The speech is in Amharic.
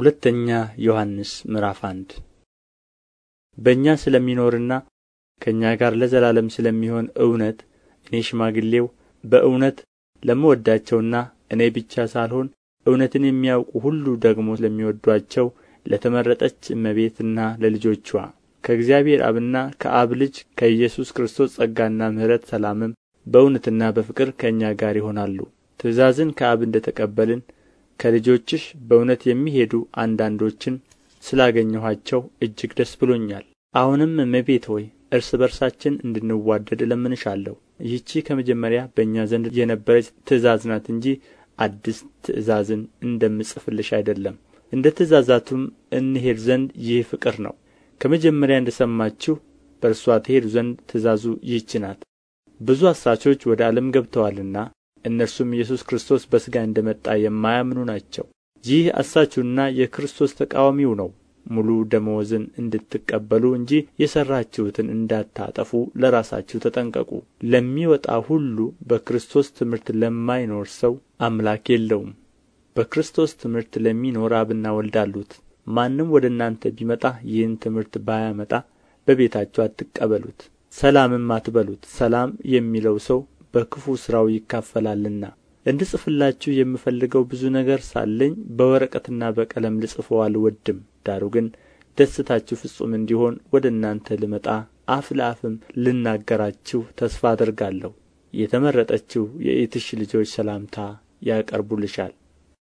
ሁለተኛ ዮሐንስ ምዕራፍ አንድ በእኛ ስለሚኖርና ከእኛ ጋር ለዘላለም ስለሚሆን እውነት እኔ ሽማግሌው በእውነት ለምወዳቸውና እኔ ብቻ ሳልሆን እውነትን የሚያውቁ ሁሉ ደግሞ ለሚወዷቸው ለተመረጠች እመቤትና ለልጆቿ ከእግዚአብሔር አብና ከአብ ልጅ ከኢየሱስ ክርስቶስ ጸጋና ምሕረት ሰላምም በእውነትና በፍቅር ከእኛ ጋር ይሆናሉ። ትእዛዝን ከአብ እንደ ተቀበልን ከልጆችሽ በእውነት የሚሄዱ አንዳንዶችን ስላገኘኋቸው እጅግ ደስ ብሎኛል። አሁንም እመቤት ሆይ እርስ በርሳችን እንድንዋደድ እለምንሻለሁ። ይህቺ ከመጀመሪያ በእኛ ዘንድ የነበረች ትእዛዝ ናት እንጂ አዲስ ትእዛዝን እንደምጽፍልሽ አይደለም። እንደ ትእዛዛቱም እንሄድ ዘንድ ይህ ፍቅር ነው። ከመጀመሪያ እንደ ሰማችሁ በእርሷ ትሄዱ ዘንድ ትእዛዙ ይህች ናት። ብዙ አሳቾች ወደ ዓለም ገብተዋልና እነርሱም ኢየሱስ ክርስቶስ በሥጋ እንደ መጣ የማያምኑ ናቸው ይህ አሳቹና የክርስቶስ ተቃዋሚው ነው ሙሉ ደመወዝን እንድትቀበሉ እንጂ የሠራችሁትን እንዳታጠፉ ለራሳችሁ ተጠንቀቁ ለሚወጣ ሁሉ በክርስቶስ ትምህርት ለማይኖር ሰው አምላክ የለውም በክርስቶስ ትምህርት ለሚኖር አብና ወልድ አሉት ማንም ወደ እናንተ ቢመጣ ይህን ትምህርት ባያመጣ በቤታችሁ አትቀበሉት ሰላምም አትበሉት ሰላም የሚለው ሰው በክፉ ሥራው ይካፈላልና እንድጽፍላችሁ የምፈልገው ብዙ ነገር ሳለኝ በወረቀትና በቀለም ልጽፈው አልወድም ዳሩ ግን ደስታችሁ ፍጹም እንዲሆን ወደ እናንተ ልመጣ አፍ ለአፍም ልናገራችሁ ተስፋ አደርጋለሁ የተመረጠችው የኢትሽ ልጆች ሰላምታ ያቀርቡልሻል